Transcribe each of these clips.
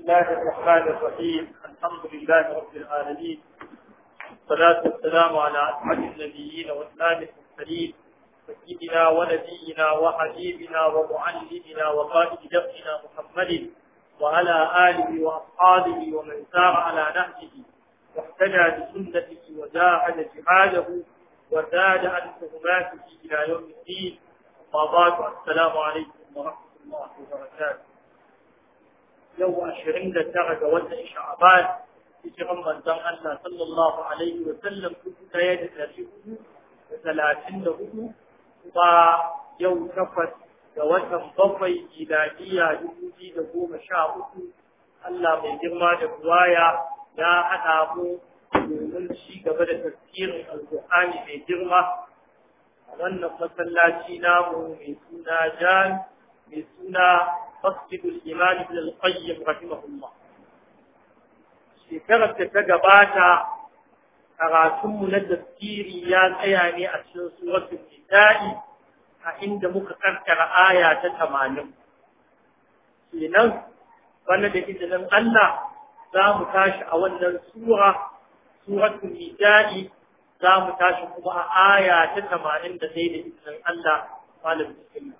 بسم الله الرحمن الرحيم الحمد لله رب العالمين والصلاة والسلام على أسعد النبيين والسلام المرسلين سيدنا ونبينا وحبيبنا ومعلمنا وقائد درسنا محمد وعلى آله وأصحابه ومن سار على نهجه واهتدى بسنته وجاهد جهاده وزاد عن تهماته إلى يوم الدين وبعد السلام عليكم ورحمة الله وبركاته yau ashirin da tara ga watan sha'aban hijiran manzon Allah sallallahu alaihi da ɗari hudu da talatin da hudu kuma yau takwas ga watan bakwai gidadiya dubu biyu da goma sha uku Allah mai girma da buwaya ya haɗa mu domin ci gaba da tafsirin alƙur'ani mai girma a wannan masallaci namu mai suna jan suna masjid al-imam ibn al-qayyim rahimahullah shekarar da ta gabata karatunmu na tafsiri ya tsaya ne a cikin suratu nisa'i a inda muka karkara aya ta tamanin. kenan bana da izinin Allah za mu tashi a wannan sura suratu nisa'i za mu tashi kuma a aya ta tamanin da izinin Allah malam bismillah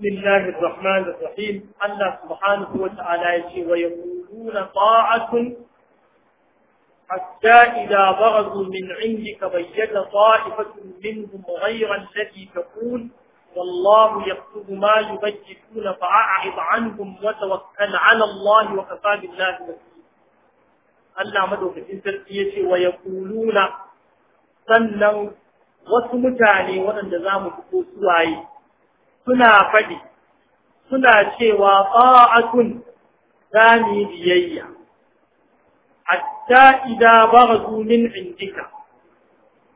بسم الله الرحمن الرحيم الله سبحانه وتعالى ويقولون طاعة حتى إذا برزوا من عندك بين طائفة منهم غير الذي تقول والله يكتب ما يبجحون فأعرض عنهم وتوكل على الله وكفى بالله وكيلا الله مدوكتين تركية ويقولون سنن وسمتاني وأن جزام فقوسوا suna faɗi suna cewa ta'atun za mu yi biyayya hatta idza baghu min indika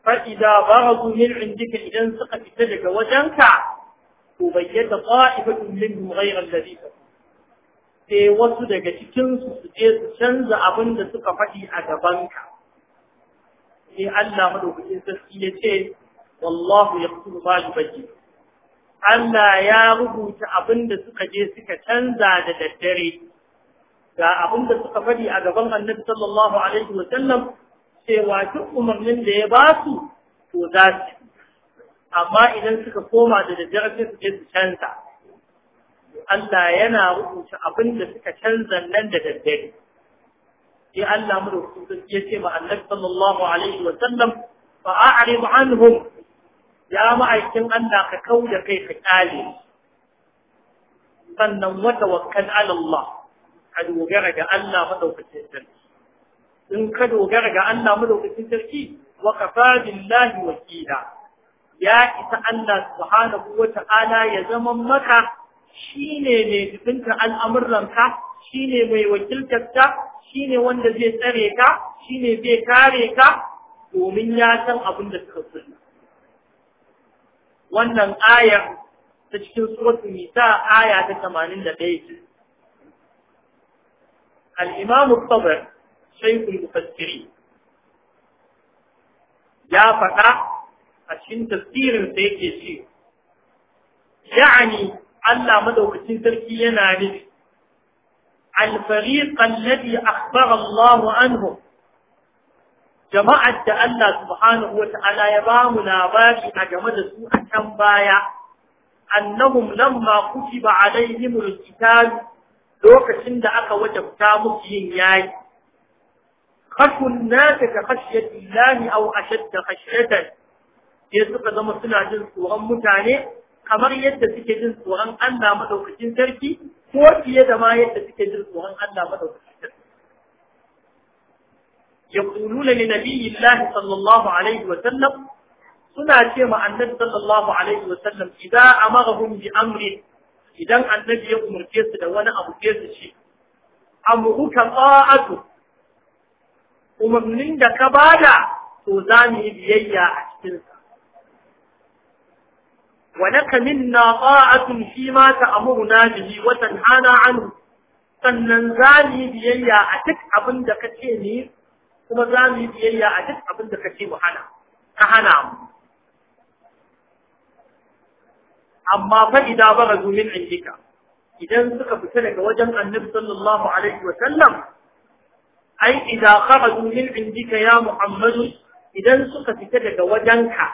fa idza baghu indika idan suka fita daga wajenka to bayyana ta'ifatun minhum ghayra alladhi sai wasu daga cikin su su je su canza abin da suka faɗi a gabanka sai Allah madaukakin sarki ya ce wallahu yaqulu ma yubayyin Allah ya rubuta abin da suka je suka canza da daddare ga abin da suka faɗi a gaban annabi sallallahu alaihi wa sallam cewa duk umarnin da ya ba su to za su amma idan suka koma da daddare sai su je su canza Allah yana rubuta abin da suka canza nan da daddare sai Allah mu rubuta ya ce ma annabi sallallahu alaihi wa sallam fa'arid anhum ya ma'aikin Allah ka kau da kai ka kyale sannan wata wakkan Allah ka dogara ga Allah madaukakin sarki in ka dogara ga Allah madaukakin sarki wa kafa billahi wakila ya isa Allah subhanahu wa ta'ala ya zama maka shine mai jibinta al'amuranka shine mai wakiltarka shine wanda zai tsare ka shine zai kare ka domin ya san abin da suka fi wannan aya ta cikin suratul nisa aya ta 81 al-imam at-tabari shaykh al-mufassiri ya faɗa a cikin tafsirin sa yake ce yani Allah madaukakin sarki yana nufi al-fariq alladhi akhbara Allah anhum jama'ar da Allah subhanahu wa ta'ala ya ba mu labari a game da su a can baya annahum lamma kutiba alaihim alqital lokacin da aka wajabta musu yin yayi khashun ta ka khashyati au aw ashadda khashyatan sai suka zama suna jin tsoron mutane kamar yadda suke jin tsoron Allah madaukakin sarki ko fiye da ma yadda suke jin tsoron Allah madaukakin يقولون لنبي الله صلى الله عليه وسلم سنة كما النبي صلى الله عليه وسلم إذا أمرهم بأمر إذا النبي يأمر كيس دوانا أبو كيس شيء أمرك طاعته وممنين دك بادا تزامي بيئة أشتنسا ولك منا طاعة فيما تأمرنا به وتنهانا عنه sannan za mu yi biyayya a duk abin da ka ce ne kuma za mu yi biyayya a duk abin da kace mu hana ka hana mu amma fa idan barazu min indika idan suka fita daga wajen annabi sallallahu alaihi wa sallam ai idan kharaju min indika ya muhammadu idan suka fita daga wajenka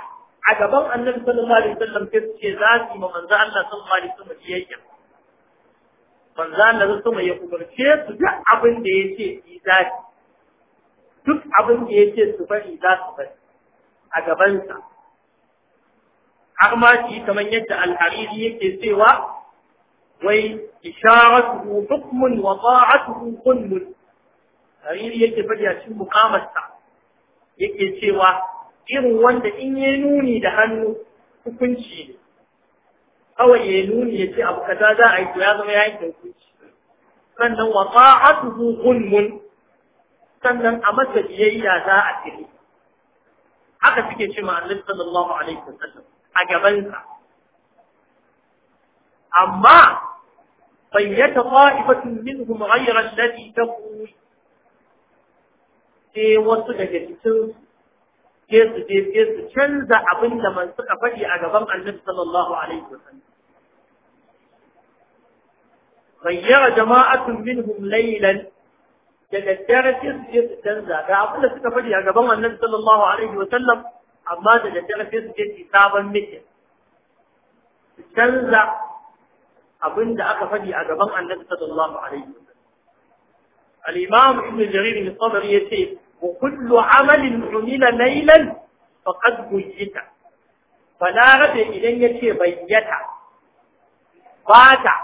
a gaban annabi sallallahu alaihi wa sallam sai ce za su yi ma manzo Allah sallallahu alaihi wa sallam biyayya manzo Allah sallallahu alaihi wa sallam ya umarce su duk abin da ya ce yi zaki duk abin da ya ce su bari za su bari a gabansa har ma shi kamar yadda alhariri yake cewa wai isharatu hukmun wa ta'atu hulmun hariri yake fadi a cikin mukamarsa yake cewa irin wanda in ya nuni da hannu hukunci ne kawai ya nuni ya ce abu kaza za a yi to ya zama ya yi hukunci sannan wa ta'atu hulmun sannan a masa biyayya za a tiri haka suke ce ma annabi sallallahu alaihi wasallam a gabansa amma bayyata qa'ibatun minhum ghayra alladhi taqul sai wasu daga cikin sai su je sai su canza abin da man suka faɗi a gaban annabi sallallahu alaihi wasallam غير جماعة منهم ليلا da daddare sai su je su canza ga abin da suka faɗi a gaban annabi sallallahu alaihi wa sallam amma da daddare sai su je su sabon mitin su canza abin da aka faɗi a gaban annabi sallallahu alaihi wa sallam al-imam ibn jarir bin sabr yace wa kullu amalin umila laylan faqad bujita balarabe idan yace bayyata bata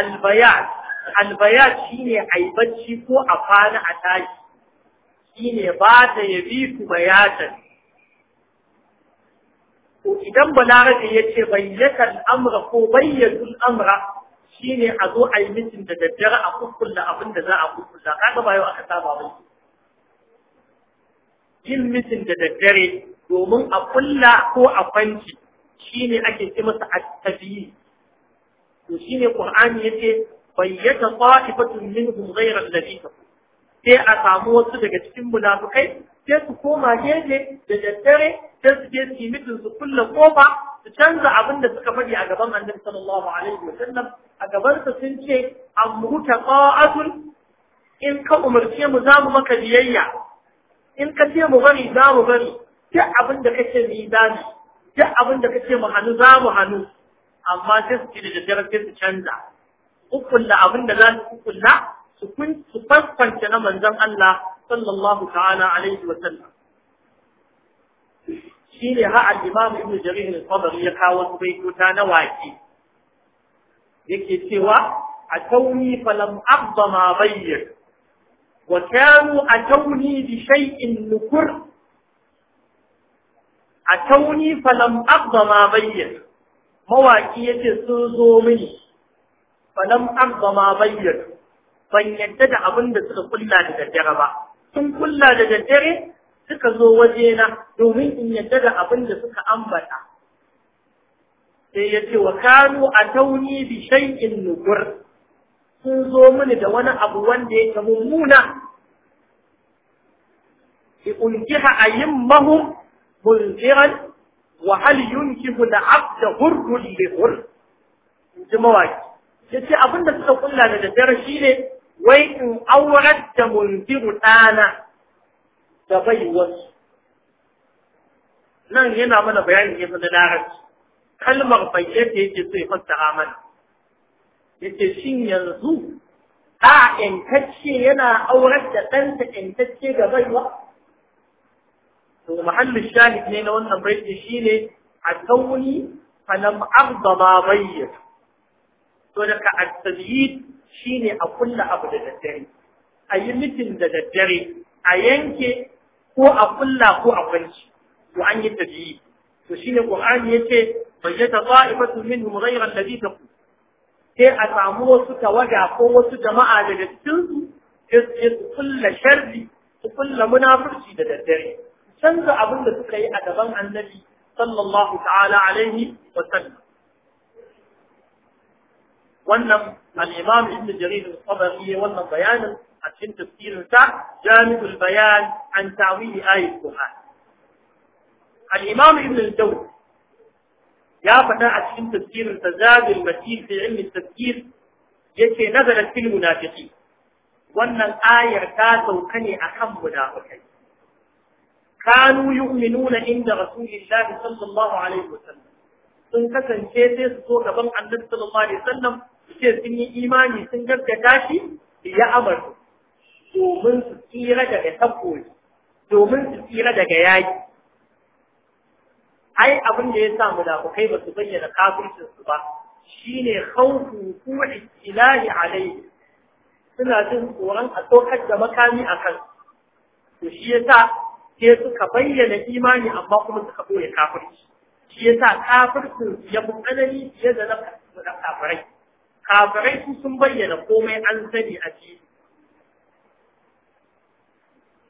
albayat albaya shi ne aibacci ko a kwana a tashi ne ba ta yabi ku bayatan ko idan balarabe ya ce bayyatan amra ko bayyatul amra shi ne a zo a yi mitin da daddare a kukkulla abin da za a kukkulla kaga ba yau aka saba ba yin mitin da daddare domin a kulla ko a kwanci ne ake ce masa a tabiyi to shine ya ce bayyata qa'ifatun minhum ghayra alladhi sai a samu wasu daga cikin munafikai sai su koma gefe da daddare sai su je su mitin su kulle kofa su canza abin da suka faɗi a gaban annabi sallallahu alaihi wa sallam a gaban sa sun ce amruka qa'atun in ka umarce mu za mu maka biyayya in ka ce mu bari za mu bari duk abin da kace mu yi za mu duk abin da kace mu hannu za mu hannu amma sai su ci da daddare sai su canza kukkulla abin da za su kukkulla su kwaskwance na manzan Allah sallallahu ta'ala alaihi wa sallam shine ha al-imam ibn jarir al-tabari ya kawo su baitota na waki yake cewa a tauni falam abda ma bayyin wa kanu tauni bi shay'in nukur A tauni falam abda ma bayyin mawaki yace sun zo mini falam arda ma bayyana ban yadda da abin da suka kulla da daddare ba sun kulla da daddare suka zo wajena domin in yadda da abin da suka ambata sai ya ce wa kanu tauni bi shay'in nukur sun zo mini da wani abu wanda yake mummuna bi unkiha mahum munziran wa hal yunkihu al-'abd hurrun li hurr jama'a yace abinda suka kulla da daddare shine wai in aurar da mundiru dana da bai wasu nan yana mana bayani yasa da larabci kalmar bayyata yake so ya fassara mana yace shin yanzu a in kace yana aurar da in kace ga bai baiwa to mahallin shahid ne na wannan baiti shine a tauni falam abda ma bayyata to a at shine a kulla abu da daddare a yi mitin da daddare a yanke ko a kulla ko a kwanci ko an yi tabiyi to shine qur'ani yace bayyata ta'ifatu minhum ghayra alladhi ku. sai a samu wasu tawaga ko wasu jama'a daga cikin su sai su kulla sharri su kulla munafurci da daddare canza abin da suka yi a gaban annabi sallallahu ta'ala alaihi wa sallam ونم الامام ابن جرير الطبري ونم بيان عشان تفسير بتاع جانب البيان عن تعويل آية القرآن الامام ابن الجوزي يا فتاة عشان تفسير التزاد المسير في علم التفسير يتي نزلت في المنافقين وان الآية كانت وكني أحم منافقين كانوا يؤمنون عند رسول الله صلى الله عليه وسلم ثم كان شيء صلى الله عليه وسلم Suke sun yi imani sun gaskata shi ya amadu domin su tsira daga tabboli domin su tsira daga yaki ai abin da ya sa munafukai ba su bayyana kafircin su ba shine khawfu ku'i ilahi alai suna jin tsoron a tsokar da makami a kan to shi yasa ke suka bayyana imani amma kuma suka boye kafirci shi yasa kafircin ya fi tsanani fiye da na kafirai kafirai su sun bayyana komai an sani a ciki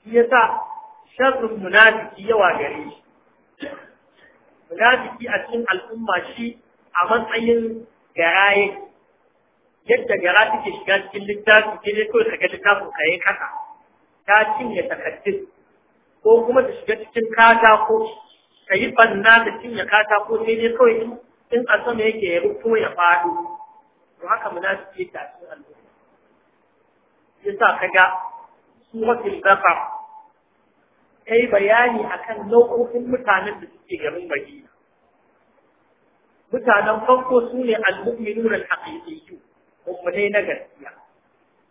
shi yasa sharrin munafiki yawa gare shi munafiki a cikin al'umma shi a matsayin garaye yadda gara take shiga cikin littafi ke ne kawai kaga littafin yi kasa ta cinye takaddun ko kuma ta shiga cikin katako ka yi banna ta cinye katako sai dai kawai in a sama yake ya rufo ya faɗo to haka munafiki yake a cikin al'umma yasa kaga suratul baqara kai bayani akan nau'o'in mutanen da suke garin Madina mutanen farko sune al-mu'minun al-haqiqiyyu ummunai na gaskiya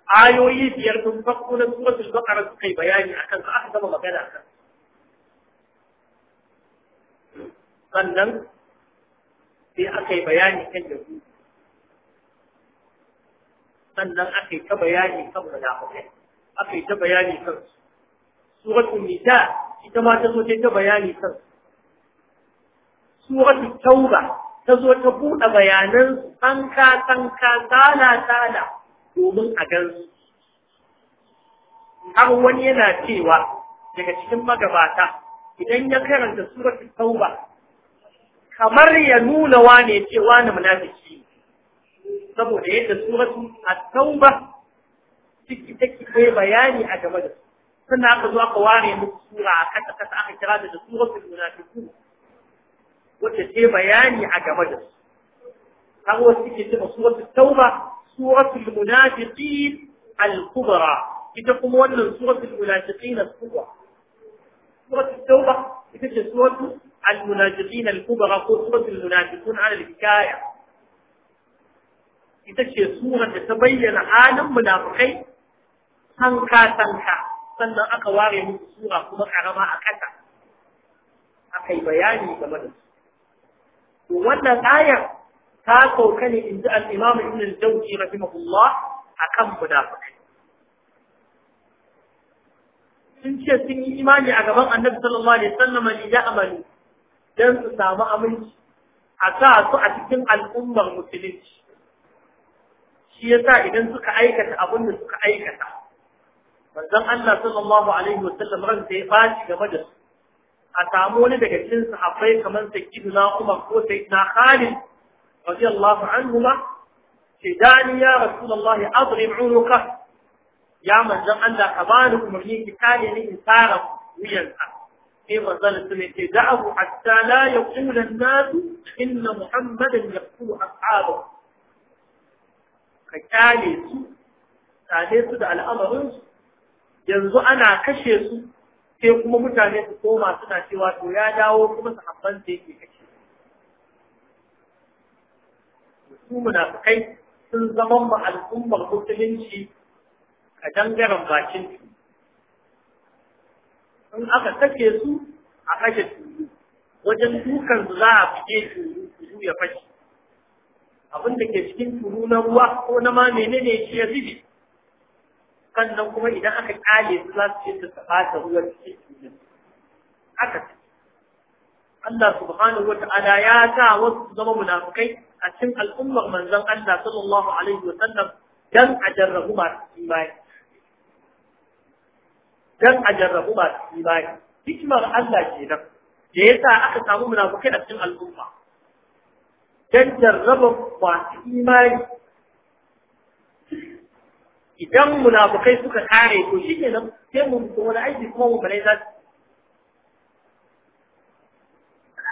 ayoyi biyar sun farko na suratul baqara suka yi bayani akan su aka gama magana akan. sannan sai aka yi bayani kan yahudu sannan aka yi ta bayani kan munafikai aka yi ta bayani kan su suratul nisa ita ma ta zo ta ta bayani kan su suratul tauba ta zo ta buɗe bayanan tsanka tsanka tsala tsala domin a gan su. har wani yana cewa daga cikin magabata idan ya karanta suratul tauba kamar ya nuna wane cewa na munafiki saboda yadda suratu at-tauba take take kai bayani a game da sannan aka zo aka ware muku sura a kasa kasa aka kira da da suratul munafiqun wacce ce bayani a game da su kan wasu suke cewa suratul tauba suratul munafiqin al-kubra ita kuma wannan suratul munafiqin al-kubra suratul tauba ita ce suratul al-munafiqin al-kubra ko suratul munafiqun ala al-hikaya ita ce surar da ta bayyana halin munafukai tanka tanka sannan aka ware musu sura kuma karama a ƙasa aka yi bayani game da su wannan ayar ta sauka ne in ji al'imamu ibn al-jawzi rahimahullah akan munafukai sun ce sun yi imani a gaban annabi sallallahu alaihi wasallam ne ya amalu dan su samu aminci a sa su a cikin al'ummar musulunci shi yasa idan suka aikata abin da suka aikata manzon Allah sallallahu alaihi Sallam ran sai baci game da su a samu wani daga cikin sahabbai kamar sayyidina Umar ko na Khalid radiyallahu anhuma ce dani ya rasulullahi adrib unuka ya manzon Allah ka bani umarni ki kare ni in tsara wuyanka sai manzon sun ce da'ahu hatta la yaqulu an-nas inna muhammadan yaqulu ashabahu ka kyale su same su da al'amarin yanzu ana kashe su sai kuma mutane su koma suna cewa to ya dawo kuma su sahabban da yake kashe su kai sun zama ma al'ummar musulunci a dangaren bakin su in aka kashe su a kashe su wajen dukan za a fice su ya fashe abin da ke cikin turu na ruwa ko na ma menene shi ya zube sannan kuma idan aka kyale su za su ce su ɓata ruwa cikin turu aka Allah subhanahu wata'ala ya sa wasu zama munafukai a cikin al'ummar manzon Allah sallallahu alaihi wa sallam dan a jarrabu masu imani dan a jarrabu masu imani hikimar Allah kenan da yasa aka samu munafukai a cikin al'umma don jarraba masu imani idan munafukai suka kare to shi ke nan sai mu mutu wani aiki kuma mu bane za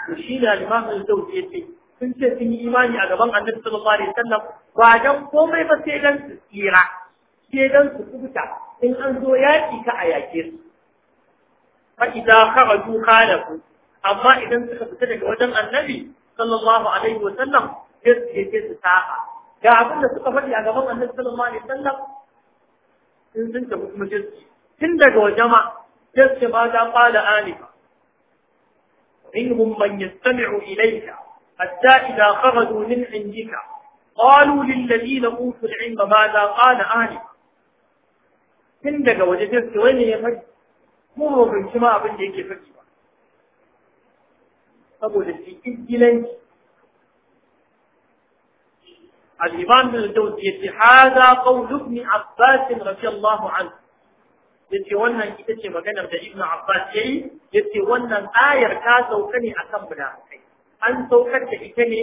su shi ne alimamin zauce ce sun ce sun yi imani a gaban annabi sallallahu alaihi wasallam ba dan komai ba sai dan su tsira sai dan su kubuta in an zo yaki ka a yake su fa idan da ku? amma idan suka fita daga wajen annabi sallallahu alaihi wa sallam sai su su saba ga abin da suka faɗi a gaban annabi sallallahu alaihi wa sallam in sun tafi kuma sai tun daga wajama sai su ma da qala anifa منهم من يستمع إليك حتى إذا خرجوا من عندك قالوا للذين أوتوا العلم ماذا قال آنفا tun daga waje sai wani ya faɗi Kuma ba mu ma abin da yake faɗi ba saboda shi izgilanci al-imam bin dawud ya ce hada qawl ibn abbas radiyallahu anhu ce, wannan ita ce maganar da ibn abbas ya yi. Ya ce, wannan ayar ta sauka ne akan buda. an saukar da ita ne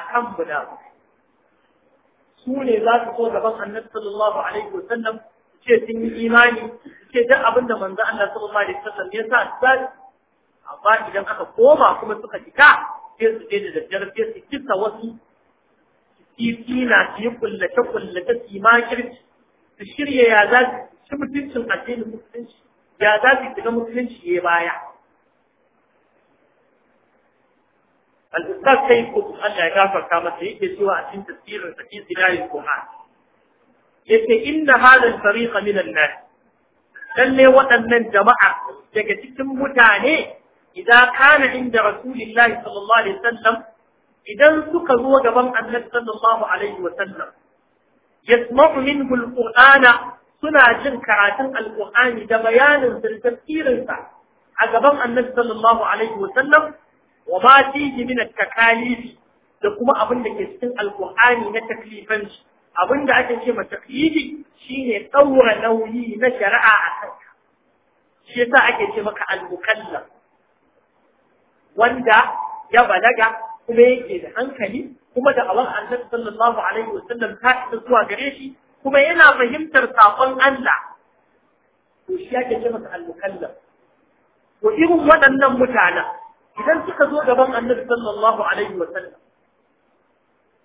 akan buda. su ne za su so gaban annabi sallallahu alaihi wasallam ce sun yi imani ce duk abinda manzo Allah sallallahu alaihi wasallam ya sa amma idan aka koma kuma suka fita sai su je da daddare sai su kisa wasu titina su yi kullace kullace su yi makirci su shirya ya za su mutuncin addini musulunci ya za su shiga musulunci ya baya al-ustaz kai ko Allah ya gafarta masa yake cewa a cikin tafsirin sa cikin zilalil qur'an yace inna hadha al-fariqa min an-nas lalle waɗannan jama'a daga cikin mutane Ida kana inda rasulillahi sallallahu alaihi idan suka zo gaban annabi sallallahu alaihi wasallam yasma'u minhu alqur'ana suna jin karatun alqur'ani da bayanin tafsirin sa a gaban annabi sallallahu alaihi wasallam wa ma fihi min at-takalif da kuma abin da ke cikin alqur'ani na taklifanci abun da ake ce ma taklifi shine daura nauyi na shari'a a shi yasa ake ce maka al wanda ya balaga kuma yake da hankali kuma da awar annabi sallallahu alaihi wa sallam, ta isa zuwa gare shi kuma yana fahimtar sakon Allah to shi yake ce masa al-mukallaf to irin waɗannan mutanen idan suka zo gaban annabi sallallahu alaihi wa sallam,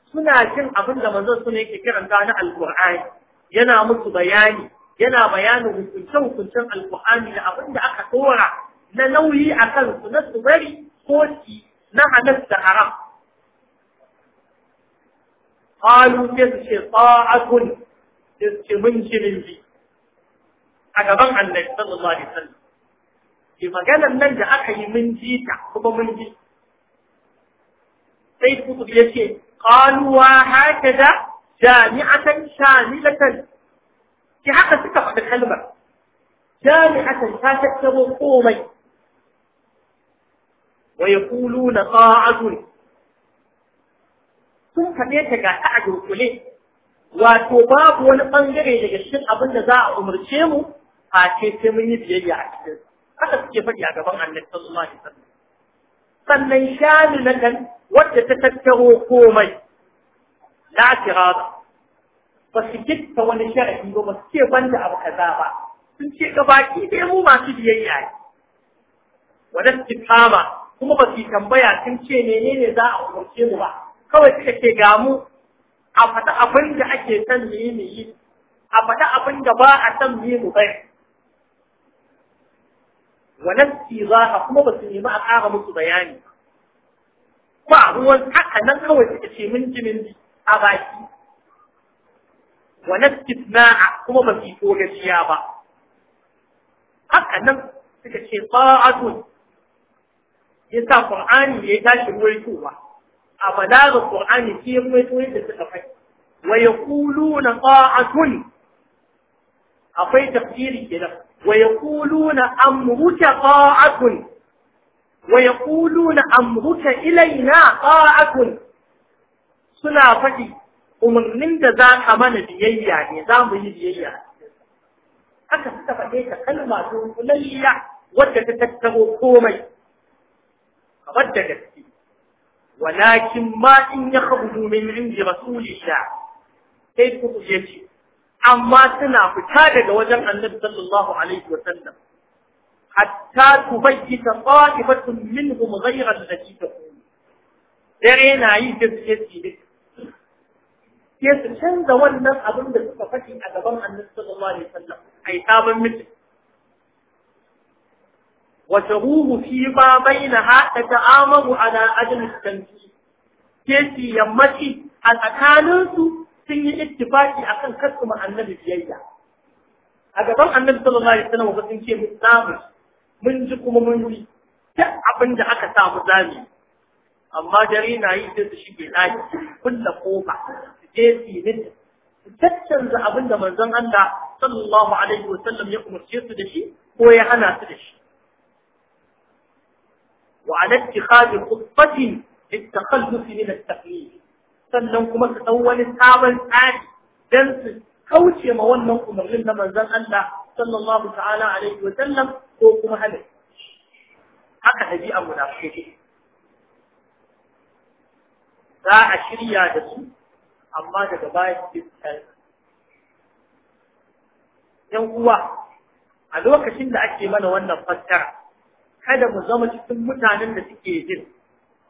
suna cin abin da manzon suna yake kiranta na Al-Qur'ani, yana musu bayani yana bayanin hukunce-hukuncen alkur'ani da abin da aka tsora na nauyi a kan su na su bari نعم قالوا كذلك طاعة كذلك منشر لي أقبع النبي صلى الله عليه وسلم كما قال النبي أحي من جيتا طيب، هو قالوا وهكذا جامعة شاملة في حقا ستفع بالخلمة جامعة شاملة قومي wa yaquluna ta'atun sun faɗe ta ga ta a dunkule wato babu wani bangare daga cikin abin da za a umarce mu a ce sai mun yi biyayya a cikin haka suke faɗi a gaban annabi sallallahu alaihi wasallam sannan shani na kan wadda ta tattaro komai Na tirada ba Ba su gitta wani sharadi ba ba su ce banda abu kaza ba sun ce gabaki dai mu masu biyayya ne wadda su kuma ba su tambaya sun ce menene za a umarce mu ba kawai suka ce ga mu a fata abin da ake son mu yi mu yi a fata abin da ba a son mu yi mu bai wannan a kuma ba su nemi a ƙara musu bayani ba ruwan haka nan kawai suka ce minti minti a baki wannan istisna'a kuma ba su yi gaskiya ba haka nan suka ce tsa'atun yasa qur'ani ya tashi ruwaitowa a balaga qur'ani shi ruwaito yadda suka fai wa yaquluna qa'atun akwai tafsiri kenan wa yaquluna amruka qa'atun wa yaquluna amruka ilaina qa'atun suna faɗi umarnin da za ka mana biyayya ne za mu yi biyayya haka suka faɗe ta kalma dunkulalliya wadda ta tattaro komai kamar da gaske walakin ma in ya khabu min inji rasulillah sai ku kuje ce amma suna fita daga wajen annabi sallallahu alaihi wa sallam hatta tubayyita qa'ibatun minhum da allati taqulu dare na yi gaske ce Ke su canza wannan abin da suka faɗi a gaban annabi sallallahu alaihi wa sallam ai sabon mutum وتروه فيما بينها تتآمر على عدم التنفيذ كيسي يمشي الأكانوس سنة اتفاقي أكن كسم عن نبي بيئة أقبل أن نبي صلى الله عليه وسلم وقت إنشي مستامر من جكم من لي تعبن دعك سام ذاني أما جرينا يجد شيء بالآية كل قوبة كيسي نت تتشنز أبن من زن الله صلى الله عليه وسلم يقوم الشيط دشي هو يهنا تدشي وعلى اتخاذ خطة للتخلص من التقليد sannan kuma su ɗan wani sabon tsari don su kauce ma wannan umarnin na manzon Allah sallallahu ta'ala alaihi wa sallam ko kuma hana haka a munafiki za a shirya da su amma daga baya su yan uwa a lokacin da ake mana wannan fassara kada mu zama cikin mutanen da suke jin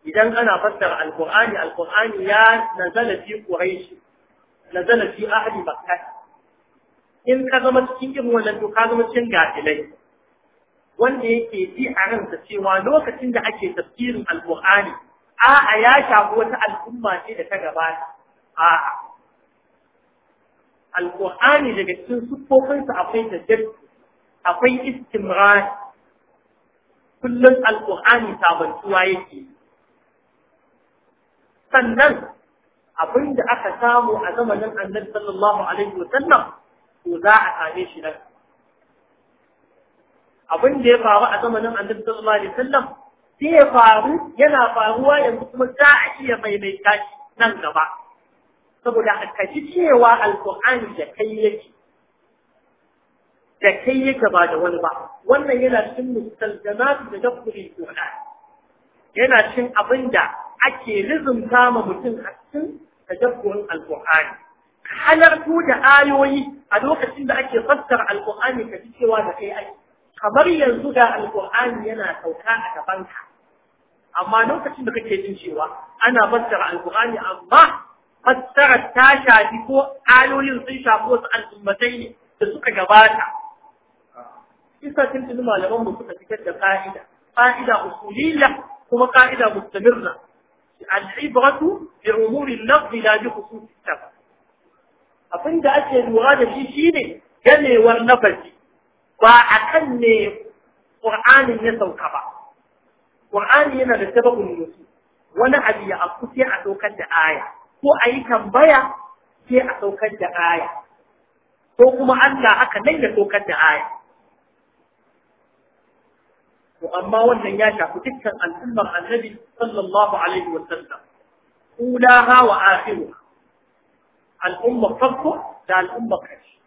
idan ana fassara alqur'ani alqur'ani ya nazala fi quraish nazala fi ahli makkah in ka zama cikin irin wannan to ka zama cikin gafilai wanda yake ji a ransa cewa lokacin da ake tafsirin alqur'ani a a ya shafi wata al'umma ce da ta gabata a alqur'ani daga cikin siffofinsa akwai tajaddi akwai istimrar kullum alƙur'ani sabantuwa yake sannan abin da aka samu a zamanin annabi sallallahu alaihi wa sallam to za a same shi nan abin da ya faru a zamanin annabi sallallahu alaihi wa sallam sai ya faru yana faruwa yanzu kuma za a iya maimaita shi nan gaba saboda a kaji cewa alƙur'ani da kai yake da kai yake ba da wani ba wannan yana cin mustalzamatu da dabbuli du'a yana cin abinda ake lizumta ma mutum a cikin tadabburin alqur'ani halartu da ayoyi a lokacin da ake fassara alqur'ani ka ji cewa da kai ai kamar yanzu da alqur'ani yana sauka a gabanka amma lokacin da kake jin cewa ana fassara alqur'ani amma fassara ta shafi ko ayoyin sun shafi wasu al'ummatai ne da suka gabata isa tuntuni malaman mu suka fitar da ka'ida. Ka'ida usuliyya kuma ka'ida mustamirra al'ibratu bi umuri lafzi la bi khususi sabab abin da ake lura da shi shine ganewar nafasi ba akan ne Qur'anin ya sauka ba Qur'ani yana da sababin nusu wani abu ya afku sai a saukar da aya ko a yi tambaya sai a saukar da aya ko kuma Allah haka nan ya saukar da aya وأما وهن ياشا فتكا أن أمر النبي صلى الله عليه وسلم أولاها وآخرها الأمة فقه لا الأمة خش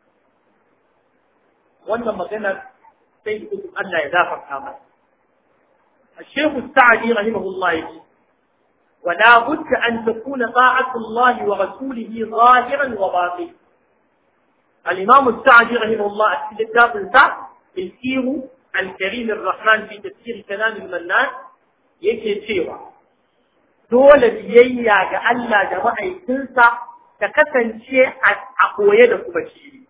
وأن مغنى سيد قدر أن لا يدافع كامل الشيخ السعدي رحمه الله يقول ولا بد أن تكون طاعة الله ورسوله ظاهرا وباطيا الإمام السعدي رحمه الله أسئل الدافع الكير الكريم الرحمن في تفسير كلام المنان yake cewa dole biyayya ga Allah da ma'aikinsa ta kasance a koye da kuma fili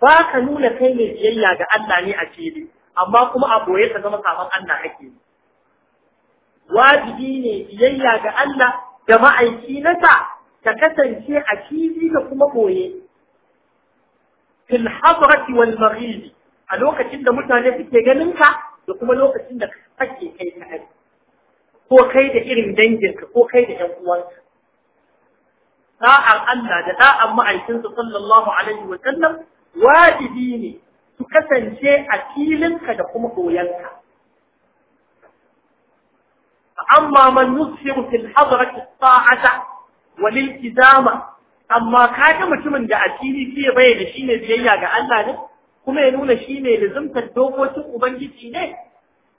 ba ka nuna kai ne biyayya ga Allah ne a fili amma kuma a koye ka zama saman Allah ake wajibi ne biyayya ga Allah da ma'aiki nasa ta kasance a fili da kuma koye fil wal a lokacin da mutane suke ganin ka da kuma lokacin da kake kai kaɗai ko kai da irin danginka ko kai da ‘yan uwanka. Sa'ar Allah da sa'ar ma'aikinsa sallallahu alaihi wa sallam wajibi ne su kasance a filinka da kuma koyanka. أما من يظهر في الحضرة الطاعة والالتزام أما كاجة mutumin da addini ke shi ne biyayya ga Allah ne kuma ya nuna shi ne lizimtar dokokin ubangiji ne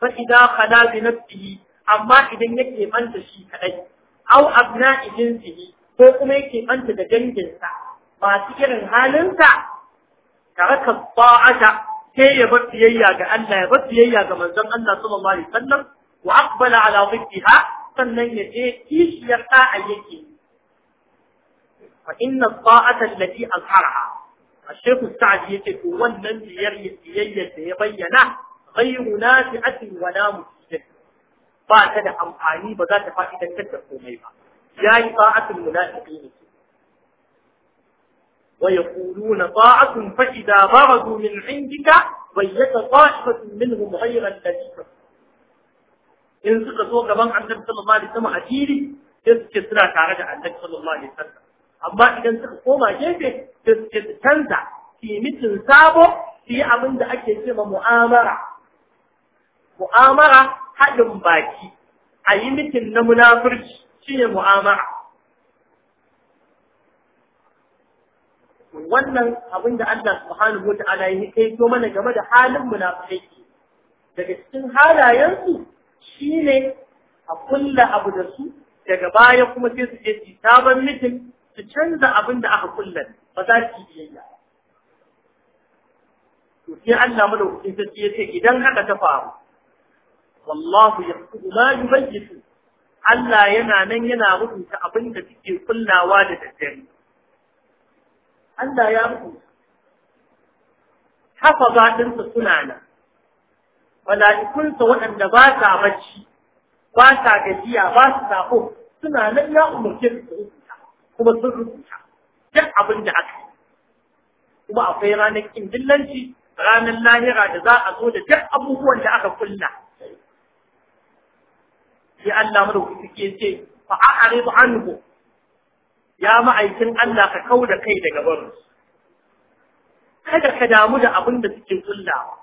fa idza khala bi nafsihi amma idan yake manta shi kadai aw abna'i jinsihi ko kuma yake banta da danginsa masu irin halinsa taraka ta'ata Ke ya bar biyayya ga Allah ya bar biyayya ga manzon Allah sallallahu alaihi wasallam wa aqbala ala dhikriha sannan ya je kishiyar ta'a yake fa inna ta'ata allati azharaha الشيخ السعدي يقول ونن بيية يبينا غير نافعة ولا مفيدة بعد أمعاني بذات فائدة تدفو ميبا جاي طاعة المنافقين ويقولون طاعة فإذا بردوا من عندك بيت طائفة منهم غير الذي إن سقطوا كمان عن النبي صلى الله عليه وسلم أجيري إذ كسرى تعرج عن النبي صلى الله عليه وسلم amma idan suka koma gefe su canza su mitin sabo su yi abin da ake ce ma mu'amara mu'amara haɗin baki a yi mitin na munafurci shi ne mu'amara wannan abin da Allah subhanahu wa ta'ala ya kai to mana game da halin munafiki daga cikin halayensu shine a kulla abu da su daga baya kuma sai su je sabon mitin su canza abin da aka kullum ba za su biyayya to sai Allah da madaukakin sai ya ce idan haka ta faru wallahu yaqulu la yubayyitu Allah yana nan yana rubuta abin da suke kullawa da daddare Allah ya rubuta din su suna nan mala'ikunsa waɗanda ba sa bacci ba sa gajiya ba su sako suna nan ya umarce su kuma sun rubuta duk abin da aka yi. kuma akwai ranar kin dillanci ranar lahira da za a zo da duk abubuwan da aka kulla sai Allah madaukaki ke ce fa a'rid anhu ya ma'aikin Allah ka kau da kai daga barin kada ka damu da abin da suke kullawa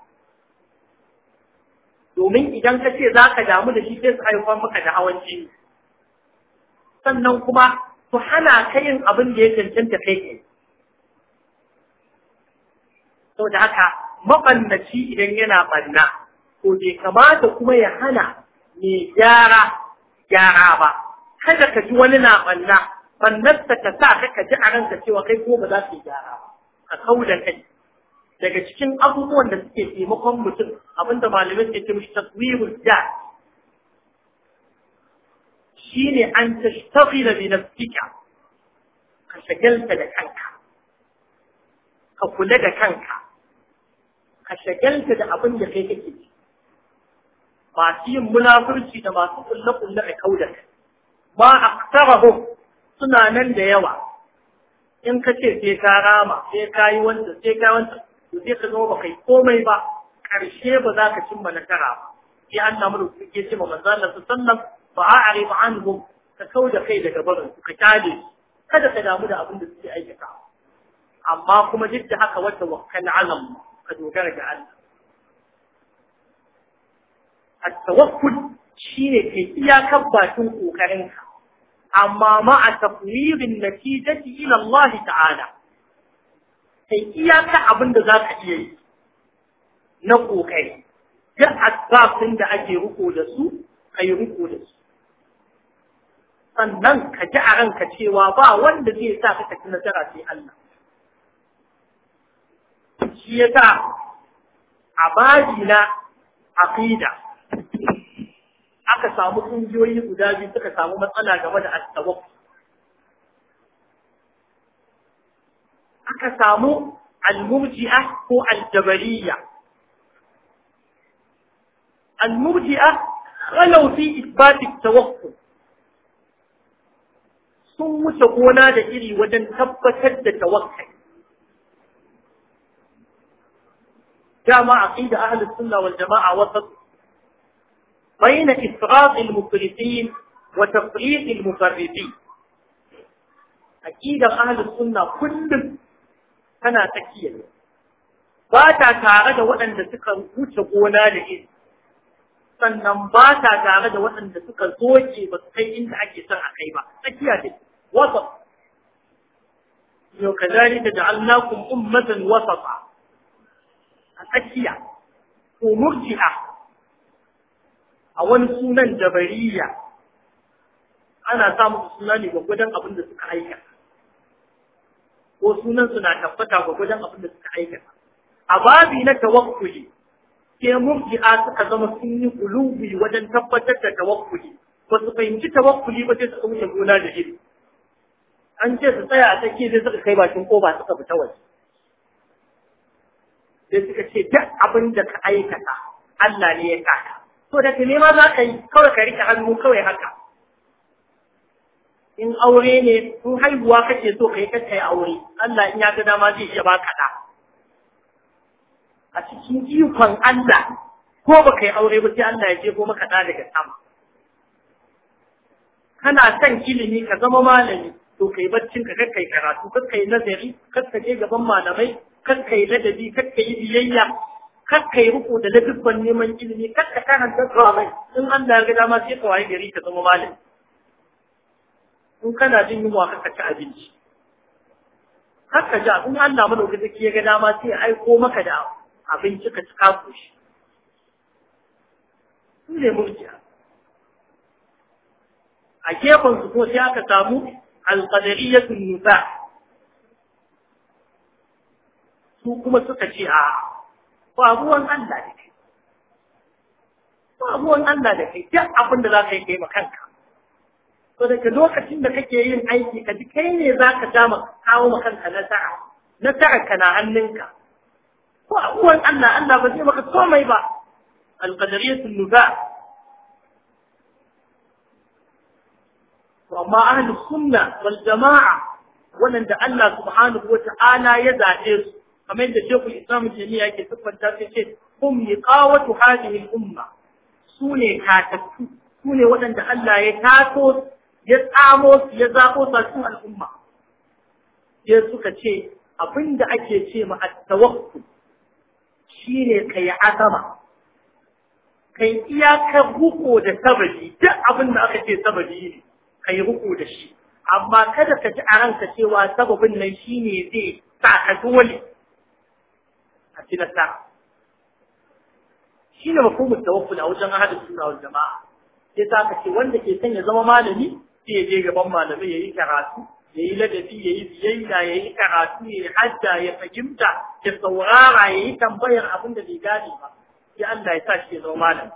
domin idan ka ce za ka damu da shi sai su haifar maka da hawan jini sannan kuma Ku hana ka yin abin da ya cancanta kai ne. Sau da haka mabannaci idan yana ɓanna, ko bai kamata kuma ya hana mai gyara gyara ba kada ka ji wani na banna bannarsa ka sa ka ji a ranka cewa kai ko ba za su yi gyara ba a kau da kai daga cikin abubuwan da suke taimakon mutum abinda malamai suke ce mishi taswirin da shine an tashtaghila bi nafsika ka shagalta da kanka ka kula da kanka ka shagalta da abin da kai kake ci masu yin munafurci da masu kulle-kulle a kauda ba a tsarahun suna nan da yawa in ka ce sai ka rama sai ka yi wanda sai ka wanda to sai ka zama ba kai komai ba ƙarshe ba za ka cimma nasara ba sai an samu da kuke ce ma manzo Allah sallallahu fa'a'rid anhum ka da kai daga barin ka kyale kada ka damu da abin da suke aikata amma kuma duk da haka wata wakkan alam ka dogara ga Allah at-tawakkul shine ke iyakar bakin kokarinka amma ma a tafwirin natijati ila Allah ta'ala kai iyaka abin da ka iya yi na kokari duk asbabin da ake riko da su kai riko da su sannan ka ji a ranka cewa ba wanda zai sa ka tafi nasara sai Allah shi yasa a baji na aqida aka samu ƙungiyoyi guda biyu suka samu matsala game da at-tawakkul aka samu al-murji'ah ko al-jabariyya al-murji'ah خلوا في إثبات sun wuce gona da iri wajen tabbatar da tawakkali dama da ahli sunna wal jamaa wasat bayna israf al mukallifin wa tafriq al mufarridin aqidar ahli suna kullum tana tsakiyar. ba ta tare da waɗanda suka wuce gona da iri sannan ba ta tare da waɗanda suka zoke ba su kai inda ake son a kai ba tsakiya da وسط وكذلك جعلناكم أمة وسطا الأكية ومرجئة أول سنة جبرية أنا سامع سناني وقدم أبن سكاية وسنة سنة تفتح وقدم أبن سكاية أبابي نتوقفي sai murji'a suka zama sun yi kulubi wajen tabbatar da tawakkuli ba su fahimci tawakkuli ba sai suka wuce gona da iri an ce su tsaya a tsaki sai suka kai bakin koba suka fita waje sai suka ce duk abin da ka aikata Allah ne ya kaka to da ka nema za ka yi kawai ka rike hannu kawai haka in aure ne in haihuwa kake so ka kai ka yi aure Allah in ya ga dama zai iya baka da a cikin ikon Allah ko ba yi aure ba sai Allah ya je ko maka da daga sama kana son ilimi ka zama malami to kai baccin ka kai karatu kai nazari ka kai gaban malamai kai ladabi ka kai biyayya ka kai riko da ladabban neman ilimi ka karanta kawai in an da ga dama sai ka waye gari ka zama malami in kana jin yunwa ka ci abinci ka ja in Allah madaukaki ya ga dama sai aiko maka da abinci ka ci kafu shi su ne murjiya a gefen su ko sai aka samu alƙadariyatun nusa su kuma suka ce a ba Allah da kai ba ruwan Allah da kai duk abin da za ka yi kai kanka to daga lokacin da kake yin aiki ka ji kai ne za ka ja kawo ma kanka nasara nasara ka na hannunka ko a Allah Allah ba zai maka komai ba alqadariyatun nusa amma ahli sunna wal jama'a da Allah subhanahu wata'ala ya zaɓe su kamar yadda Sheikhul Islam Jami'a yake siffanta sai ce hum liqawatu hadhihi al umma sune katattu sune waɗanda Allah ya taso ya tsamo su ya zabo su cikin al'umma ya suka ce abinda ake ce ma at-tawakkul shine kai azama kai iyakar ruko da sababi duk abinda aka ce sababi ne ka yi ruku da shi amma kada ka ji a ranka cewa sababin nan shi ne zai sa ka dole a ci nasara shi ne mafhumin da a wajen hada sunna jama'a sai sa ka ce wanda ke son ya zama malami sai ya je gaban malamai ya yi karatu ya yi ladabi ya yi biyayya ya yi karatu ya yi hajja ya fahimta ya saurara ya yi tambayar abin da bai gane ba sai Allah ya sa shi ya zama malami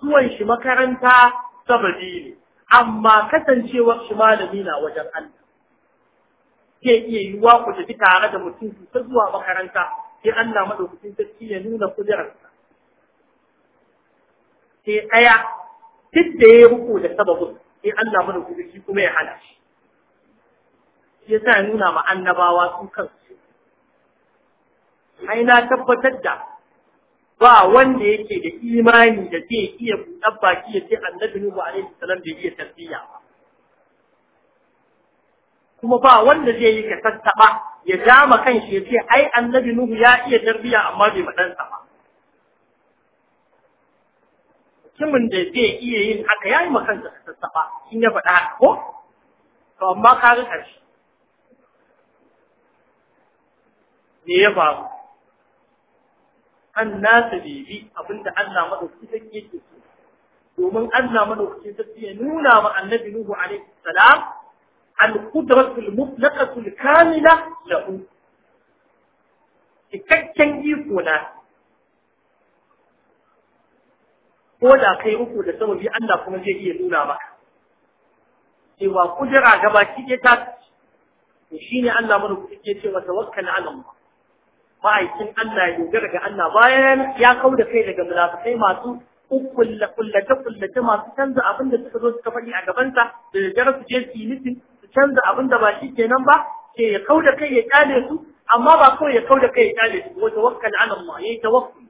zuwan shi makaranta sababi ne amma kasancewar shi malami na wajen Allah ke iya wa ku tafi tare da mutum su ta zuwa makaranta sai Allah madaukakin sarki ya nuna kudirarsa sai ɗaya duk da ya ruku da sababin sai Allah madaukakin sarki kuma ya hana shi ya sa nuna ma annabawa su kansu ai na tabbatar da ba wanda yake da imani da zai iya buɗar baki ya ce annabi Nuhu alaihi salam bai iya tarbiyya ba kuma ba wanda zai yi ka tattaba ya jama kanshi ya ce ai annabi Nuhu ya iya tarbiyya amma bai madansa ba mutumin da zai iya yin haka ya yayi makan ka tattaba in ya faɗa haka ko to amma ka ga ƙarshe me ya faru an nasa bibi abinda Allah madauki sarki yake so domin Allah madauki sai ya nuna ma annabi Nuhu alaihi salam al-qudratu al-mutlaqatu al-kamila lahu cikakken iko na ko da kai uku da sababi Allah kuma zai iya nuna maka cewa kudura gaba ɗaya ta to shine Allah mana sarki ya ce wa tawakkal ala Allah ma'aikin Allah ya dogara ga Allah bayan ya kau da kai daga munafikai masu kulla kullace kullace masu canza abin da suka zo suka faɗi a gabansa da ya daddare su je su yi mitin su canza abin da ba shi kenan ba ke ya kau da kai ya kyale su amma ba kawai ya kau da kai ya kyale su ko tawakkal ala Allah yayi tawakkul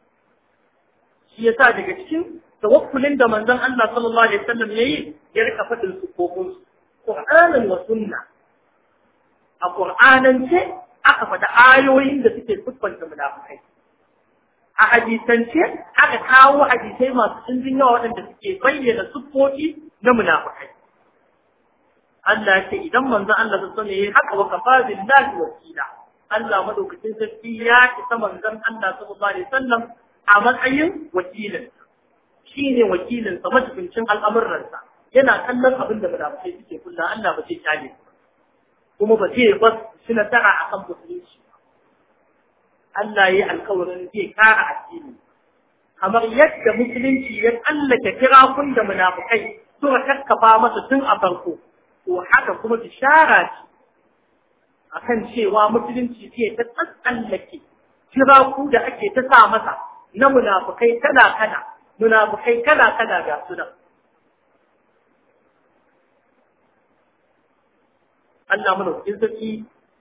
shi yasa daga cikin tawakkulin da manzon Allah sallallahu alaihi wasallam yayi ya rika faɗin su ko kun Qur'anin wa sunna a Qur'anance aka faɗa ayoyin da suke fuskanta munafukai a hadisance aka kawo hadisai masu ɗimbin yawa waɗanda suke bayyana siffofi na munafukai Allah ce idan manzon Allah sun sani haka wa kafa billahi wakila Allah madaukakin sarki ya isa manzon Allah sallallahu alaihi wasallam a matsayin wakilin Shi ne wakilinsa majibincin al'amuransa yana kallon abin da munafukai suke kullum Allah ba ce kyale kuma ba zai ba shi nasara akan musulunci Allah ya yi alkawarin zai kara addini kamar yadda musulunci ya tsallake kira kun da munafukai suka kakkafa masa tun a farko to haka kuma bishara ce akan cewa musulunci zai ta tsallake kira ku da ake ta sa masa na munafukai kala kala munafukai kala kala ga Allah mana cikin sarki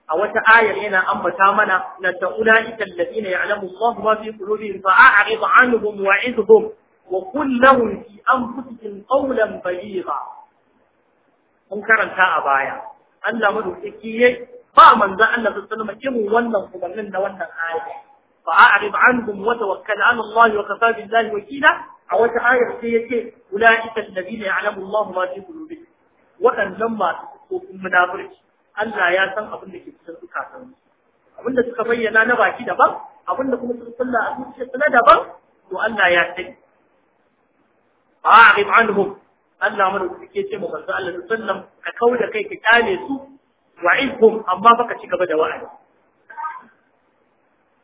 a wata ayar yana ambata mana na ta ulaika alladhina ya'lamu Allahu ma fi qulubihim fa a'rid 'anhum wa'idhum wa qul lahum fi anfusihim qawlan baligha mun karanta a baya Allah madaukaki yayi ba manzon Allah sallallahu alaihi wasallam wannan kubannin da wannan ayar فأعرض عنهم وتوكل على الله وكفى بالله وكيلا أو تعالى سيئة أولئك الذين يعلم الله ما في قلوبهم وأن لما sufofin munafurci Allah ya san abin da ke cikin zukatan abin da suka bayyana na baki daban abin da kuma sun sallah a zuciya suna daban to Allah ya sani fa'rid anhum Allah mana suke ce mu manzo Allah sallam ka kauda kai ka kyale su wa'idhum amma baka ci gaba da wa'azi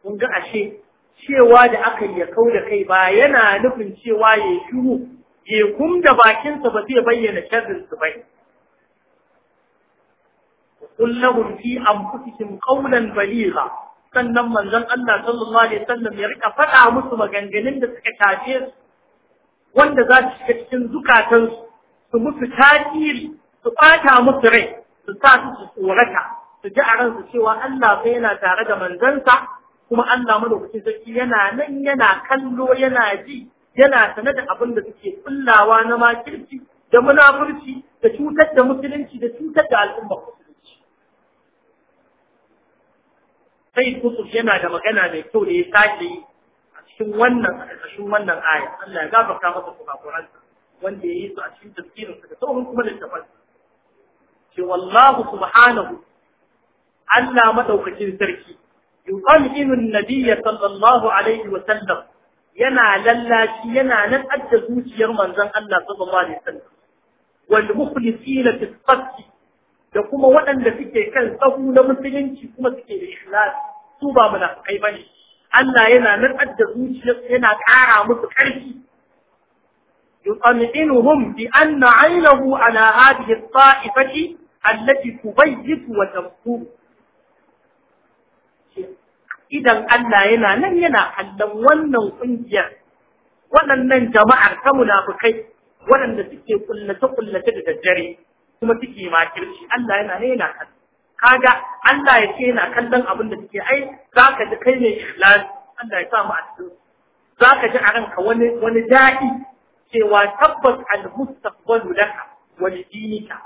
kun ga ashe cewa da aka yi ya kau kai ba yana nufin cewa ya shuru ya kum da bakinsa ba zai bayyana sharrin su bai qul lahum fi anfusihim qawlan baligha sannan manzon Allah sallallahu alaihi wasallam ya rika faɗa musu maganganun da suka tafe su wanda za su shiga cikin zukatansu su musu tasiri su ɓata musu rai su sa su su tsorata su ji a ransu cewa Allah sai yana tare da manzansa kuma Allah madaukakin sarki yana nan yana kallo yana ji yana sane da abin da suke kullawa na makirci da munafurci da cutar da musulunci da cutar da al'umma sai kusur yana da magana mai kyau da ya sake yi a cikin wannan a ƙarƙashin wannan aya Allah ya gafarta masa kurakuransa wanda ya yi su a cikin tafsirinsa da sauran kuma littafan ce wallahu subhanahu Allah madaukakin sarki yuqaminu an-nabiyya sallallahu alaihi wa sallam yana lallaci yana nan adda zuciyar manzon Allah sallallahu alaihi wa sallam wal mukhlisina fi da kuma waɗanda suke kan sahu na musulunci kuma suke da ikhlasi su ba ba ne. Allah yana nan da zuciyarsu yana ƙara musu ƙarfi يطمئنهم بأن عينه على هذه الطائفة التي تبيت وتبطل idan Allah yana nan yana kallon wannan kungiyar waɗannan jama'ar ta munafukai waɗanda suke kullace kullace da daddare kuma suke makirci Allah yana nan yana kaga Allah ya ce yana kallon abin da suke ai ka ji kai ne ikhlas Allah ya sa mu a cikin zaka ji a ranka wani wani da'i cewa tabbas al-mustaqbalu laka wa lidinika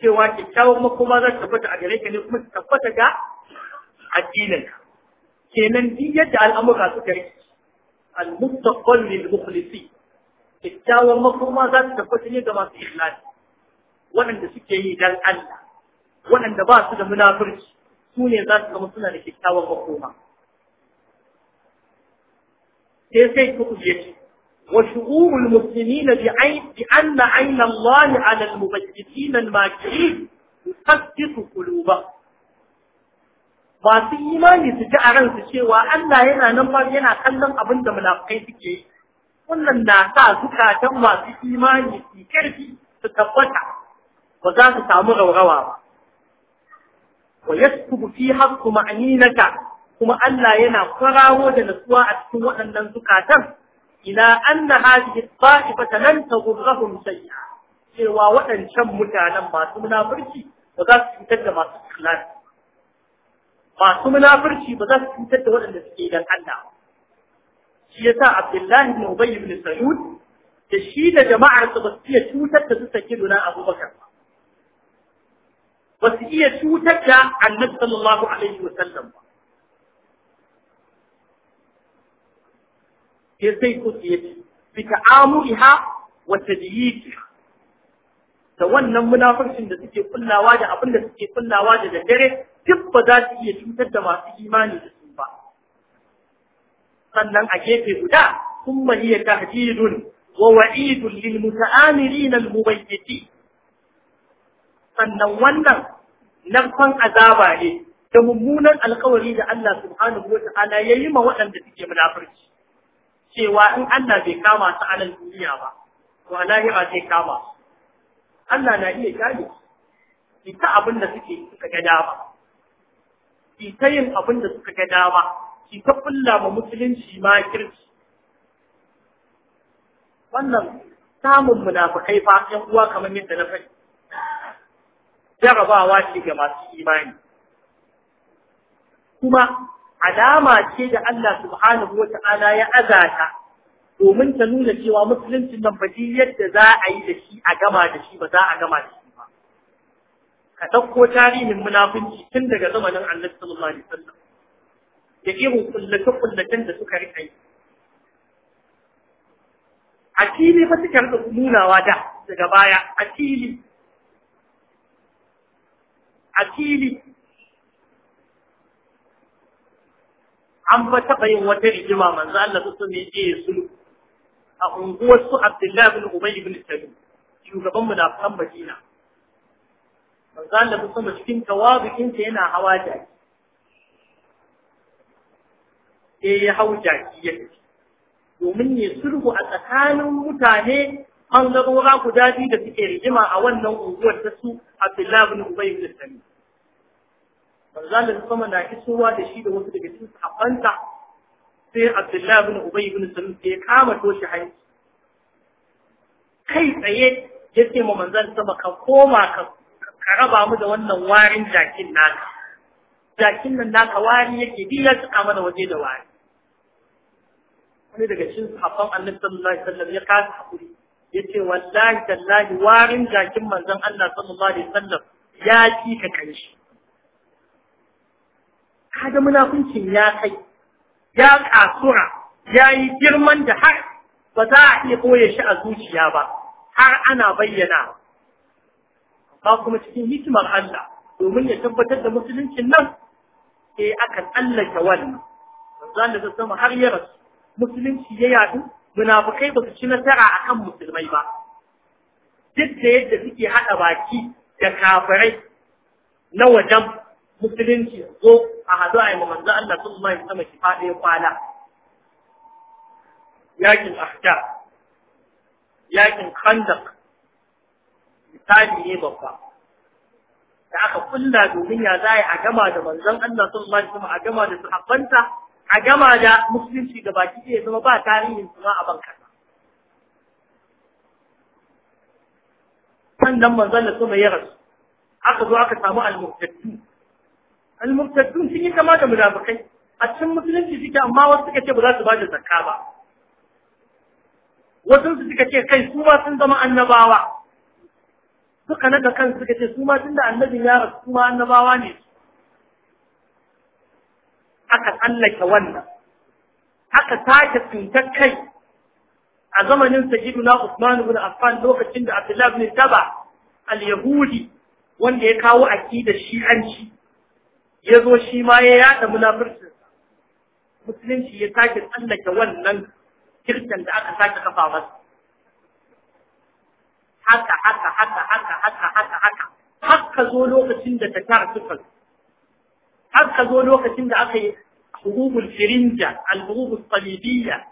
cewa kyakkyawan makoma za ta tabbata a gare ka ne kuma ta tabbata ga addininka kenan duk yadda al'amura suka yi al-mustaqbal lil mukhlisi kyakkyawan makoma za ta tabbata ne ga masu ikhlasi waɗanda suke yi dan Allah waɗanda ba su da munafurci su ne za su zama suna da kyakkyawan makoma sai sai ku kuje wa shu'urul muslimina bi ayn bi anna ayna Allah 'ala al-mubajjidin al-makirin tasqitu quluba masu imani su ji a ransu cewa Allah yana nan ba yana kallon abin da munafikai suke yi wannan na sa zukatan masu imani su karfi su tabbata ba za su samu raurawa ba wa yaskubu fi hakku ma'aninaka kuma Allah yana kwarawo da nasuwa a cikin waɗannan zukatan ila anna hadhihi ta'ifata lan tadurruhum shay'a cewa waɗancan mutanen masu munafurci ba za su cutar da masu ikhlas masu munafurci ba za su cutar da waɗanda suke dan Allah shi yasa Abdullahi ibn Ubay ibn Salul da shi da jama'ar su ba su iya cutar da su sake dona Abubakar ba ba su iya cutar da annabi sallallahu alaihi wa sallam ba ke sai ku ce bi ta'amuliha wa tadyiqiha da wannan munafircin da suke kullawa da abin da suke kullawa da dare, duk ba za su iya cutar da masu imani da su ba sannan a gefe guda kuma hiya tahdidun wa wa'idun lil muta'amirin al mubayyitin sannan wannan narkon azaba ne da mummunan alkawari da Allah subhanahu wa ta'ala ya yi ma waɗanda suke munafurci cewa in Allah bai kama su a duniya ba to a lahira zai kama Allah na iya gane ita abin da suke suka ga dama ita yin abin da suka ga dama su ta kulla ma musulunci ma kirki wannan samun munafukai fa ƴan uwa kamar yadda na faɗi jarabawa ce ga masu imani kuma alama ce da Allah subhanahu wa ta'ala ya azata domin ta nuna cewa musulunci nan ba yadda za a yi da shi a gama da shi ba za a gama da shi ba ka ɗauko tarihin munafunci tun daga zamanin annabi sallallahu alaihi wasallam da irin kullace-kullacen da suka rika yi a fili fa suka rika nunawa da daga baya a fili a fili an fa taɓa yin wata rigima manzo Allah su ne je ya sulhu a unguwar su Abdullahi bin Ubay ibn Salim shugaban munafikan Madina manzo Allah su sama cikin tawabi'in yana hawa jaki eh ya hau jaki ya domin ne sulhu a tsakanin mutane za guda biyu da suke rigima a wannan unguwar ta su Abdullahi bin ubai da Sami. Manzalin sama na isowa da shi da wasu daga cikin sahabbansa sai Abdullahi bin Ubay bin Sami sai ya kama toshi hanci. Kai tsaye ya ce ma manzan sama ka koma ka raba mu da wannan warin jakin naka. Jakin nan naka wari yake biyar su kama da waje da wari. Wani daga cikin sahabban annabi sallallahu alaihi wasallam ya kasa hakuri yace wallahi tallahi warin jakin manzon Allah sallallahu alaihi wasallam ya ci ka kanshi kaga munafincin ya kai ya kasura ya yi girman da har ba za a iya koye shi a zuciya ba har ana bayyana ba kuma cikin hikimar Allah domin ya tabbatar da musuluncin nan sai aka tsallake wannan zan da sama har ya musulunci ya yadu munafukai ba su ci nasara a kan musulmai ba duk da yadda suke haɗa baki da kafirai na wajen musulunci zo a hadu a yi ma manzo Allah sun ma yin sama ki faɗe kwana yakin ahda yakin khandak misali ne babba da aka kulla domin ya zai a gama da manzon Allah sun ma a gama da sahabbanta a gama da musulunci da baki ɗaya zama ba tarihin su ma a banka kasa sannan manzon da sama ya rasu aka zo aka samu al-murtaddu al sun yi kama da mudafakai a cikin musulunci suke amma wasu suka ce ba za su ba da zakka ba wasu su suka ce kai su ma sun zama annabawa suka naga kan suka ce su ma tunda annabin ya rasu su ma annabawa ne aka tsallake wannan aka sake tsintar kai a zamanin na Usman ibn Affan lokacin da Abdullah ibn Taba al-Yahudi wanda ya kawo aqidar Shi'anci ya zo shi ma ya yada munafirci musulunci ya sake tsallake wannan kirkan da aka sake kafa masa haka haka haka haka haka haka haka haka zo lokacin da ta tara sukan haka zo lokacin da aka yi حبوب الفرنجة الحبوب الصليبية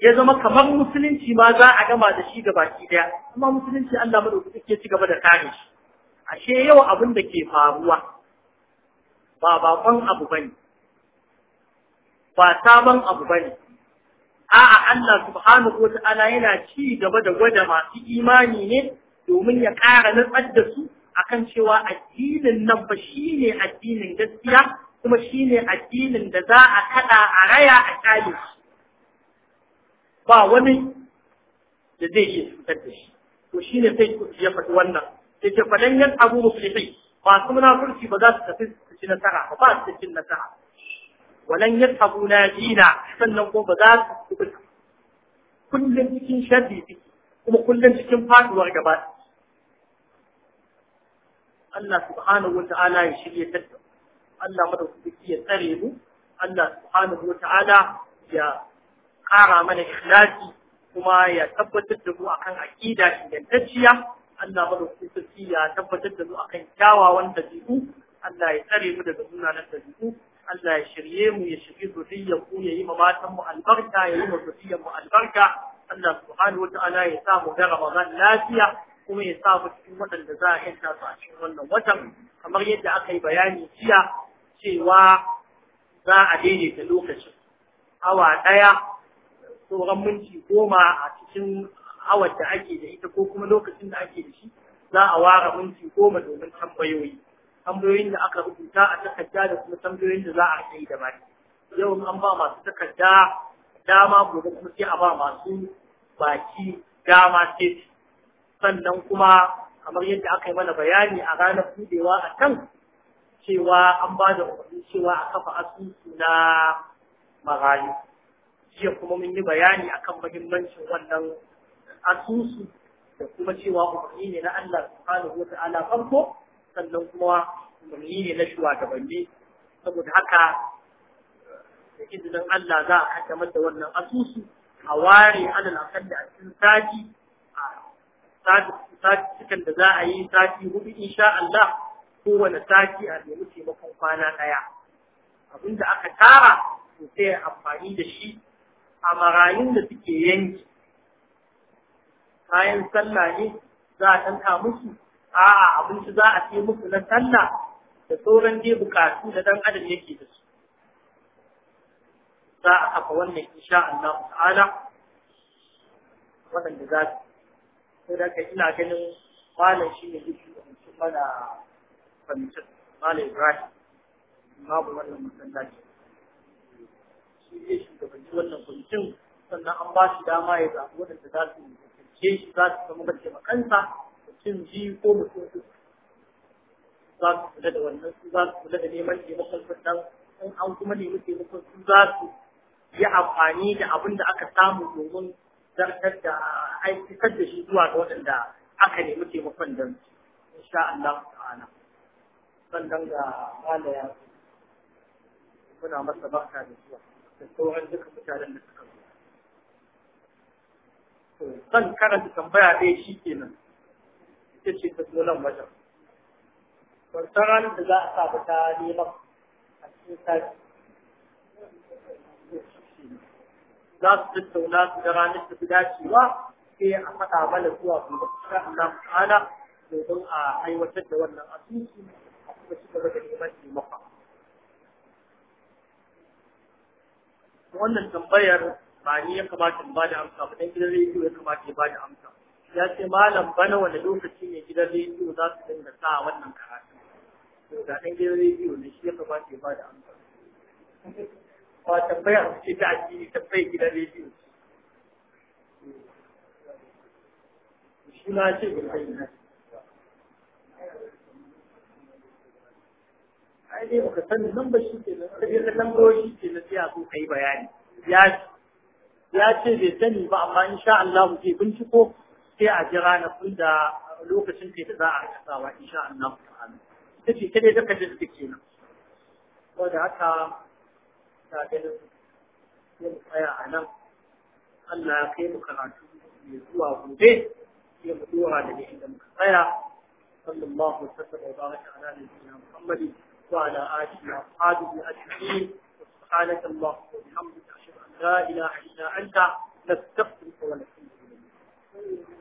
ya zama kamar musulunci ma za a gama da shi gabaki daya kuma musulunci Allah madaukaki ke ci gaba da kare shi ashe yau abin da ke faruwa ba bakon abu bane ba sabon abu bane a'a Allah subhanahu wata'ala yana ci gaba da gwada masu imani ne domin ya ƙara nutsar da su akan cewa addinin nan ba shine addinin gaskiya kuma shi ne addinin da za a kaɗa a raya a shi. ba wani da zai iya cutar da shi to ne sai ya faɗi wannan Da yace falan yan abu muflihi masu munafurci ba za su tafi su ci nasara ba ba su ci nasara walan na dina sannan kuma ba za su kubuta kullum cikin sharri suke kuma kullum cikin faduwar gaba Allah subhanahu wa ta'ala ya shirye ta Allah madaukaki ya tsare mu Allah subhanahu ta'ala ya ƙara mana ikhlasi kuma ya tabbatar da mu akan aqida ingantacciya Allah madaukaki ya tabbatar da mu akan kyawawan dabi'u Allah ya tsare mu daga munanan dabi'u Allah ya shirye mu ya shirye zuriyar ku ya yi ma matan mu albarka ya yi ma zuriyar mu albarka Allah subhanahu ta'ala ya sa mu ga Ramadan lafiya kuma ya sa mu cikin waɗanda za a yanta su a cikin wannan watan kamar yadda aka yi bayani jiya cewa za a daidaita lokacin awa ɗaya sauran minti goma a cikin awar da ake da ita ko kuma lokacin da ake da shi za a ware minti goma domin tambayoyi tambayoyin da aka rubuta a takarda da kuma tambayoyin da za a yi da mari yau an ba masu takarda dama gobe kuma sai a ba masu baki dama sai sannan kuma kamar yadda aka yi mana bayani a ranar budewa a kan. cewa an ba da umarni cewa a kafa asusu na marayu jiya kuma mun yi bayani akan mahimmancin wannan asusu da kuma cewa umarni ne na Allah subhanahu wata'ala farko sannan kuma umarni ne na shugabanni saboda haka da izinin Allah za a kaddamar da wannan asusu a ware alal akalli a cikin sati a sati da za a yi sati hudu sha Allah kowane sati a nemi taimakon kwana ɗaya abinda aka tara to sai amfani da shi a marayun da suke yanki kayan sallah ne za a tanka musu a'a abinci za a ce musu na sallah da sauran dai bukatu da dan adam yake da su za a kafa wannan insha Allah ta'ala waɗanda za su sai da ina ganin malam shine duk mana fahimci Malam Ibrahim babu wannan masallaci. Shi ne shugabanci wannan kwamitin sannan an ba shi dama ya zaɓi waɗanda za su ke shi za su zama bace makansa mutum ji ko mutum uku. Za su kula da wannan su za su kula da neman taimakon sannan in an kuma nemi taimakon su za su yi amfani da abin da aka samu domin zartar da aikikar da shi zuwa ga waɗanda aka nemi taimakon don insha Allah ta'ala. sannan ga halaya muna masa barka da zuwa da sauran duka mutanen da suka zo zan karanta tambaya ɗaya shi kenan ita ce ta zo wajen ban ranar da za a sa ta neman a cikin sati za su tattauna su da ranar da su dacewa sai a faɗa mana zuwa gobe insha domin a aiwatar da wannan asusu kuma ci gaba da neman taimako wannan tambayar ba ni ya kamata in ba da amsa ba dan gidan rediyo ya kamata ya ba da amsa ya ce malam bana wani lokaci ne gidan rediyo za su dinga sa wannan karatu to da dan gidan rediyo ne shi ya kamata ya ba da amsa ba tambaya ce ta addini tambayar gidan rediyo shi na ce gurbin na ai dai baka sani nan ba bayani ya ce bai sani ba amma insha Allah zai binciko sai a jira na da lokacin da za a kasawa insha Allah ta'ala ita ce kadai da kaje suke kenan da haka ta ganin sai tsaya a nan Allah ya kai mu karatu mai zuwa gobe sai mu da ne inda muka tsaya sallallahu alaihi wa ba wa baraka da Muhammadin وعلى آله وأصحابه أجمعين سبحانك اللهم وبحمدك أشهد أن لا إله إلا أنت نستغفرك ونتوب إليك